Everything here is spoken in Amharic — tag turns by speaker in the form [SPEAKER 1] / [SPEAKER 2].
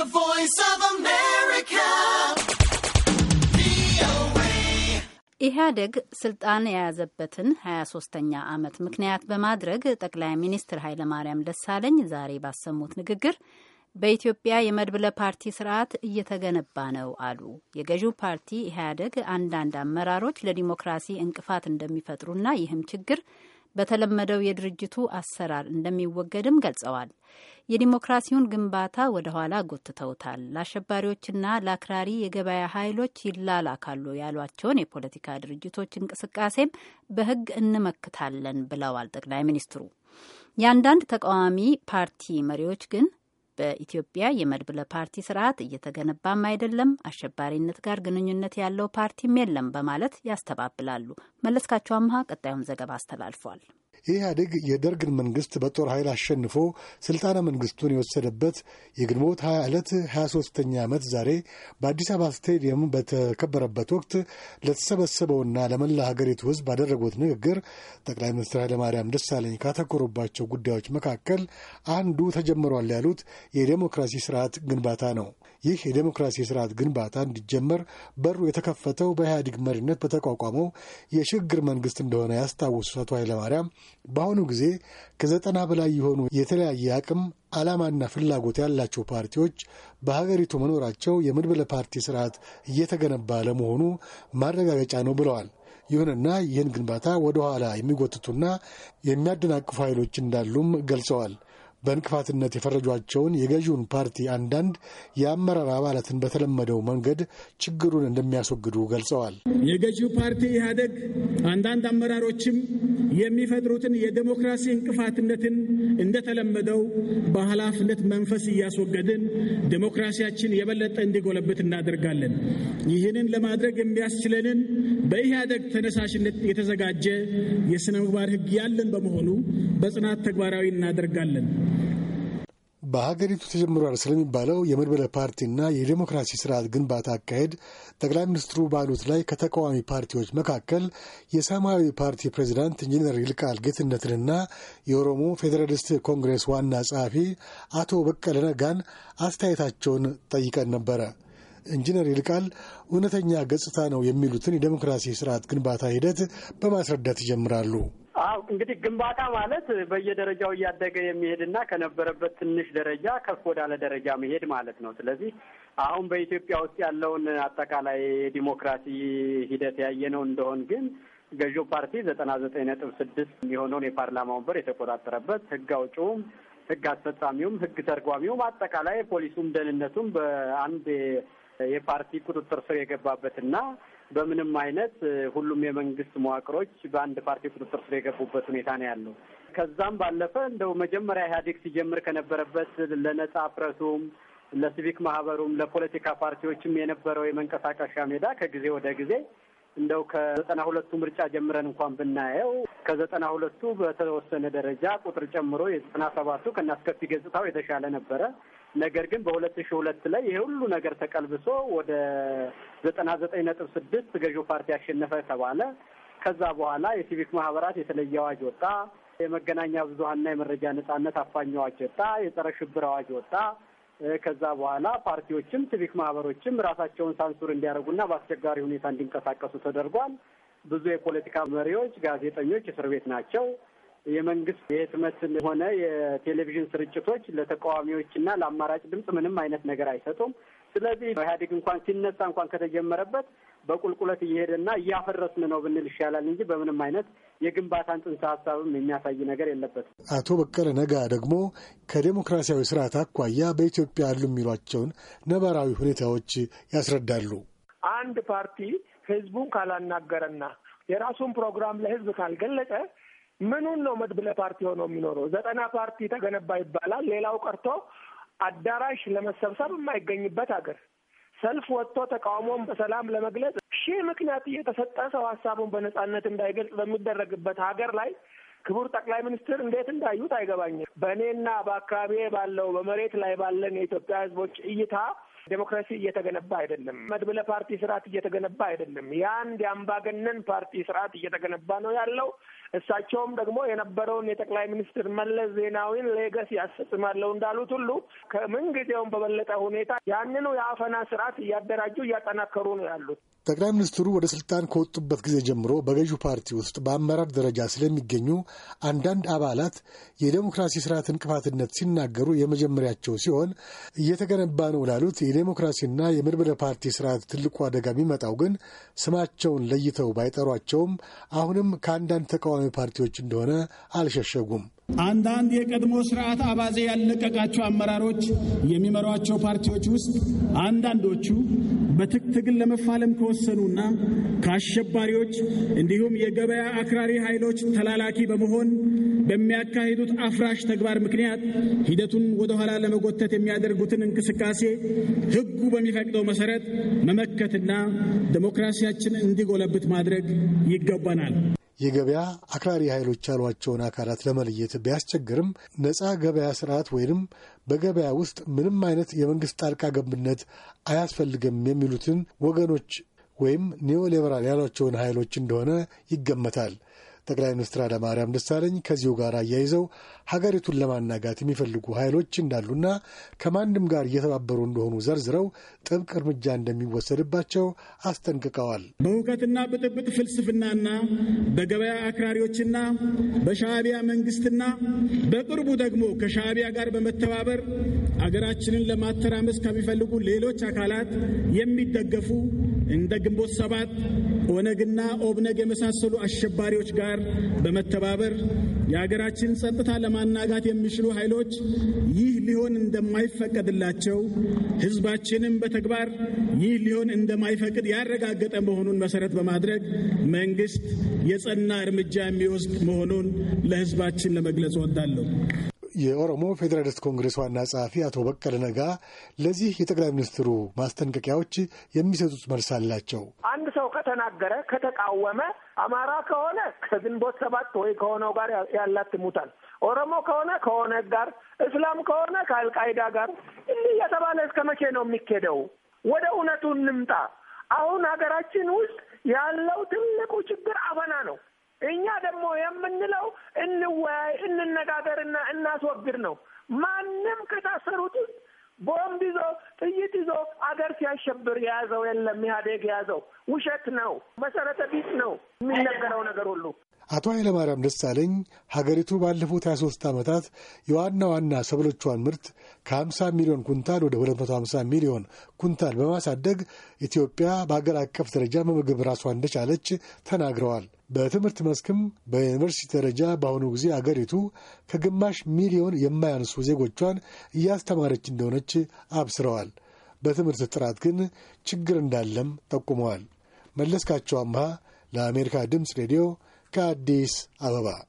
[SPEAKER 1] The Voice of America. ኢህአዴግ ስልጣን የያዘበትን 23ኛ ዓመት ምክንያት በማድረግ ጠቅላይ ሚኒስትር ኃይለማርያም ደሳለኝ ዛሬ ባሰሙት ንግግር በኢትዮጵያ የመድብለ ፓርቲ ስርዓት እየተገነባ ነው አሉ። የገዢው ፓርቲ ኢህአዴግ አንዳንድ አመራሮች ለዲሞክራሲ እንቅፋት እንደሚፈጥሩና ይህም ችግር በተለመደው የድርጅቱ አሰራር እንደሚወገድም ገልጸዋል። የዲሞክራሲውን ግንባታ ወደ ኋላ ጎትተውታል። ለአሸባሪዎችና ለአክራሪ የገበያ ኃይሎች ይላላካሉ ያሏቸውን የፖለቲካ ድርጅቶች እንቅስቃሴም በሕግ እንመክታለን ብለዋል ጠቅላይ ሚኒስትሩ። የአንዳንድ ተቃዋሚ ፓርቲ መሪዎች ግን በኢትዮጵያ የመድብለ ፓርቲ ስርዓት እየተገነባም አይደለም፣ አሸባሪነት ጋር ግንኙነት ያለው ፓርቲም የለም በማለት ያስተባብላሉ። መለስካቸው አምሃ ቀጣዩን ዘገባ አስተላልፏል።
[SPEAKER 2] የኢህአዴግ የደርግን መንግስት በጦር ኃይል አሸንፎ ስልጣነ መንግስቱን የወሰደበት የግንቦት 20 ዕለት 23ኛ ዓመት ዛሬ በአዲስ አበባ ስቴዲየም በተከበረበት ወቅት ለተሰበሰበውና ለመላ ሀገሪቱ ህዝብ ባደረጉት ንግግር ጠቅላይ ሚኒስትር ኃይለማርያም ደሳለኝ ካተኮሩባቸው ጉዳዮች መካከል አንዱ ተጀምሯል ያሉት የዴሞክራሲ ስርዓት ግንባታ ነው። ይህ የዴሞክራሲ ስርዓት ግንባታ እንዲጀመር በሩ የተከፈተው በኢህአዴግ መሪነት በተቋቋመው የሽግግር መንግስት እንደሆነ ያስታወሱት አቶ ኃይለማርያም በአሁኑ ጊዜ ከዘጠና በላይ የሆኑ የተለያየ አቅም ዓላማና ፍላጎት ያላቸው ፓርቲዎች በሀገሪቱ መኖራቸው የመድበለ ፓርቲ ስርዓት እየተገነባ ለመሆኑ ማረጋገጫ ነው ብለዋል። ይሁንና ይህን ግንባታ ወደ ኋላ የሚጎትቱና የሚያደናቅፉ ኃይሎች እንዳሉም ገልጸዋል። በእንቅፋትነት የፈረጇቸውን የገዢውን ፓርቲ አንዳንድ የአመራር አባላትን በተለመደው መንገድ ችግሩን እንደሚያስወግዱ ገልጸዋል።
[SPEAKER 1] የገዢው ፓርቲ ኢህአደግ አንዳንድ አመራሮችም የሚፈጥሩትን የዴሞክራሲ እንቅፋትነትን እንደተለመደው በኃላፊነት መንፈስ እያስወገድን ዴሞክራሲያችን የበለጠ እንዲጎለብት እናደርጋለን። ይህንን ለማድረግ የሚያስችለንን በኢህአደግ ተነሳሽነት የተዘጋጀ የሥነ ምግባር ሕግ ያለን በመሆኑ በጽናት ተግባራዊ እናደርጋለን።
[SPEAKER 2] በሀገሪቱ ተጀምሯል ስለሚባለው የመድበለ ፓርቲና የዴሞክራሲ ስርዓት ግንባታ አካሄድ ጠቅላይ ሚኒስትሩ ባሉት ላይ ከተቃዋሚ ፓርቲዎች መካከል የሰማያዊ ፓርቲ ፕሬዚዳንት ኢንጂነር ይልቃል ጌትነትንና የኦሮሞ ፌዴራሊስት ኮንግሬስ ዋና ጸሐፊ አቶ በቀለ ነጋን አስተያየታቸውን ጠይቀን ነበረ። ኢንጂነር ይልቃል እውነተኛ ገጽታ ነው የሚሉትን የዴሞክራሲ ስርዓት ግንባታ ሂደት በማስረዳት ይጀምራሉ።
[SPEAKER 3] አው እንግዲህ ግንባታ ማለት በየደረጃው እያደገ የሚሄድና ከነበረበት ትንሽ ደረጃ ከፍ ወዳለ ደረጃ መሄድ ማለት ነው። ስለዚህ አሁን በኢትዮጵያ ውስጥ ያለውን አጠቃላይ ዲሞክራሲ ሂደት ያየነው እንደሆን ግን ገዢው ፓርቲ ዘጠና ዘጠኝ ነጥብ ስድስት የሚሆነውን የፓርላማ ወንበር የተቆጣጠረበት ህግ አውጪውም ህግ አስፈጻሚውም ህግ ተርጓሚውም አጠቃላይ ፖሊሱም ደህንነቱም በአንድ የፓርቲ ቁጥጥር ስር የገባበትና በምንም አይነት ሁሉም የመንግስት መዋቅሮች በአንድ ፓርቲ ቁጥጥር ስር የገቡበት ሁኔታ ነው ያለው። ከዛም ባለፈ እንደው መጀመሪያ ኢህአዴግ ሲጀምር ከነበረበት ለነጻ ፕረሱም ለሲቪክ ማህበሩም ለፖለቲካ ፓርቲዎችም የነበረው የመንቀሳቀሻ ሜዳ ከጊዜ ወደ ጊዜ እንደው ከዘጠና ሁለቱ ምርጫ ጀምረን እንኳን ብናየው ከዘጠና ሁለቱ በተወሰነ ደረጃ ቁጥር ጨምሮ የዘጠና ሰባቱ ከናስከፊ ገጽታው የተሻለ ነበረ። ነገር ግን በሁለት ሺ ሁለት ላይ ይሄ ሁሉ ነገር ተቀልብሶ ወደ ዘጠና ዘጠኝ ነጥብ ስድስት ገዢው ፓርቲ ያሸነፈ ተባለ። ከዛ በኋላ የሲቪክ ማህበራት የተለየ አዋጅ ወጣ። የመገናኛ ብዙሀንና የመረጃ ነጻነት አፋኝ አዋጅ ወጣ። የጸረ ሽብር አዋጅ ወጣ። ከዛ በኋላ ፓርቲዎችም ሲቪክ ማህበሮችም ራሳቸውን ሳንሱር እንዲያደርጉና በአስቸጋሪ ሁኔታ እንዲንቀሳቀሱ ተደርጓል። ብዙ የፖለቲካ መሪዎች፣ ጋዜጠኞች እስር ቤት ናቸው። የመንግስት የህትመት ሆነ የቴሌቪዥን ስርጭቶች ለተቃዋሚዎችና ለአማራጭ ድምፅ ምንም አይነት ነገር አይሰጡም። ስለዚህ ኢህአዴግ እንኳን ሲነሳ እንኳን ከተጀመረበት በቁልቁለት እየሄደና እያፈረስን ነው ብንል ይሻላል እንጂ በምንም አይነት የግንባታን ጽንሰ ሀሳብም የሚያሳይ ነገር የለበትም።
[SPEAKER 2] አቶ በቀለ ነጋ ደግሞ ከዴሞክራሲያዊ ስርዓት አኳያ በኢትዮጵያ አሉ የሚሏቸውን ነባራዊ ሁኔታዎች ያስረዳሉ።
[SPEAKER 4] አንድ ፓርቲ ህዝቡን ካላናገረና የራሱን ፕሮግራም ለህዝብ ካልገለጸ ምኑን ነው መድብለ ፓርቲ ሆኖ የሚኖረው? ዘጠና ፓርቲ ተገነባ ይባላል። ሌላው ቀርቶ አዳራሽ ለመሰብሰብ የማይገኝበት ሀገር ሰልፍ ወጥቶ ተቃውሞን በሰላም ለመግለጽ ሺህ ምክንያት እየተሰጠ ሰው ሀሳቡን በነጻነት እንዳይገልጽ በሚደረግበት ሀገር ላይ ክቡር ጠቅላይ ሚኒስትር እንዴት እንዳዩት አይገባኝም። በእኔና በአካባቢ ባለው በመሬት ላይ ባለን የኢትዮጵያ ሕዝቦች እይታ ዴሞክራሲ እየተገነባ አይደለም። መድብለ ፓርቲ ስርዓት እየተገነባ አይደለም። የአንድ የአምባገነን ፓርቲ ስርዓት እየተገነባ ነው ያለው። እሳቸውም ደግሞ የነበረውን የጠቅላይ ሚኒስትር መለስ ዜናዊን ሌገስ ያስፈጽማለሁ እንዳሉት ሁሉ ከምንጊዜውም በበለጠ ሁኔታ ያንኑ የአፈና ስርዓት እያደራጁ እያጠናከሩ ነው ያሉት።
[SPEAKER 2] ጠቅላይ ሚኒስትሩ ወደ ስልጣን ከወጡበት ጊዜ ጀምሮ በገዢው ፓርቲ ውስጥ በአመራር ደረጃ ስለሚገኙ አንዳንድ አባላት የዴሞክራሲ ስርዓት እንቅፋትነት ሲናገሩ የመጀመሪያቸው ሲሆን እየተገነባ ነው ላሉት የዴሞክራሲና የመድበለ ፓርቲ ስርዓት ትልቁ አደጋ የሚመጣው ግን ስማቸውን ለይተው ባይጠሯቸውም አሁንም ከአንዳንድ ተቃዋሚ ፓርቲዎች እንደሆነ አልሸሸጉም።
[SPEAKER 1] አንዳንድ የቀድሞ ስርዓት አባዜ ያለቀቃቸው አመራሮች የሚመሯቸው ፓርቲዎች ውስጥ አንዳንዶቹ በትጥቅ ትግል ለመፋለም ከወሰኑና ከአሸባሪዎች እንዲሁም የገበያ አክራሪ ኃይሎች ተላላኪ በመሆን በሚያካሂዱት አፍራሽ ተግባር ምክንያት ሂደቱን ወደኋላ ለመጎተት የሚያደርጉትን እንቅስቃሴ ሕጉ በሚፈቅደው መሰረት መመከትና ዴሞክራሲያችን እንዲጎለብት ማድረግ ይገባናል።
[SPEAKER 2] የገበያ አክራሪ ኃይሎች ያሏቸውን አካላት ለመለየት ቢያስቸግርም ነፃ ገበያ ስርዓት ወይንም በገበያ ውስጥ ምንም አይነት የመንግስት ጣልቃ ገብነት አያስፈልግም የሚሉትን ወገኖች ወይም ኒዮሊበራል ያሏቸውን ኃይሎች እንደሆነ ይገመታል። ጠቅላይ ሚኒስትር ኃይለማርያም ደሳለኝ ከዚሁ ጋር አያይዘው ሀገሪቱን ለማናጋት የሚፈልጉ ኃይሎች እንዳሉና ከማንም ጋር እየተባበሩ እንደሆኑ ዘርዝረው ጥብቅ እርምጃ እንደሚወሰድባቸው አስጠንቅቀዋል።
[SPEAKER 1] በሁከትና ብጥብጥ ፍልስፍናና በገበያ አክራሪዎችና በሻዕቢያ መንግስትና በቅርቡ ደግሞ ከሻዕቢያ ጋር በመተባበር አገራችንን ለማተራመስ ከሚፈልጉ ሌሎች አካላት የሚደገፉ እንደ ግንቦት ሰባት ኦነግና ኦብነግ የመሳሰሉ አሸባሪዎች ጋር በመተባበር የሀገራችን ጸጥታ ለማናጋት የሚችሉ ኃይሎች ይህ ሊሆን እንደማይፈቀድላቸው ህዝባችንም በተግባር ይህ ሊሆን እንደማይፈቅድ ያረጋገጠ መሆኑን መሰረት በማድረግ መንግስት የጸና እርምጃ የሚወስድ መሆኑን ለህዝባችን ለመግለጽ
[SPEAKER 2] እወዳለሁ። የኦሮሞ ፌዴራሊስት ኮንግሬስ ዋና ጸሐፊ አቶ በቀለ ነጋ ለዚህ የጠቅላይ ሚኒስትሩ ማስጠንቀቂያዎች የሚሰጡት መልስ አላቸው።
[SPEAKER 4] አንድ ሰው ከተናገረ፣ ከተቃወመ አማራ ከሆነ ከግንቦት ሰባት ወይ ከሆነው ጋር ያላትሙታል። ኦሮሞ ከሆነ ከኦነግ ጋር፣ እስላም ከሆነ ከአልቃይዳ ጋር። እንዲህ እየተባለ እስከ መቼ ነው የሚኬደው? ወደ እውነቱ እንምጣ። አሁን ሀገራችን ውስጥ ያለው ትልቁ ችግር አፈና ነው። እኛ ደግሞ የምንለው እንወያይ፣ እንነጋገርና እናስወግድ ነው። ማንም ከታሰሩት ቦምብ ይዞ ጥይት ይዞ አገር ሲያሸብር የያዘው የለም። ኢህአዴግ የያዘው ውሸት ነው፣ መሰረተ ቢስ ነው የሚነገረው ነገር ሁሉ።
[SPEAKER 2] አቶ ኃይለማርያም ደሳለኝ ሀገሪቱ ባለፉት 23 ዓመታት የዋና ዋና ሰብሎቿን ምርት ከ50 ሚሊዮን ኩንታል ወደ 250 ሚሊዮን ኩንታል በማሳደግ ኢትዮጵያ በአገር አቀፍ ደረጃ በምግብ ራሷ እንደቻለች ተናግረዋል። በትምህርት መስክም በዩኒቨርሲቲ ደረጃ በአሁኑ ጊዜ አገሪቱ ከግማሽ ሚሊዮን የማያንሱ ዜጎቿን እያስተማረች እንደሆነች አብስረዋል። በትምህርት ጥራት ግን ችግር እንዳለም ጠቁመዋል። መለስካቸው አምሃ ለአሜሪካ ድምፅ ሬዲዮ Addis Ababa.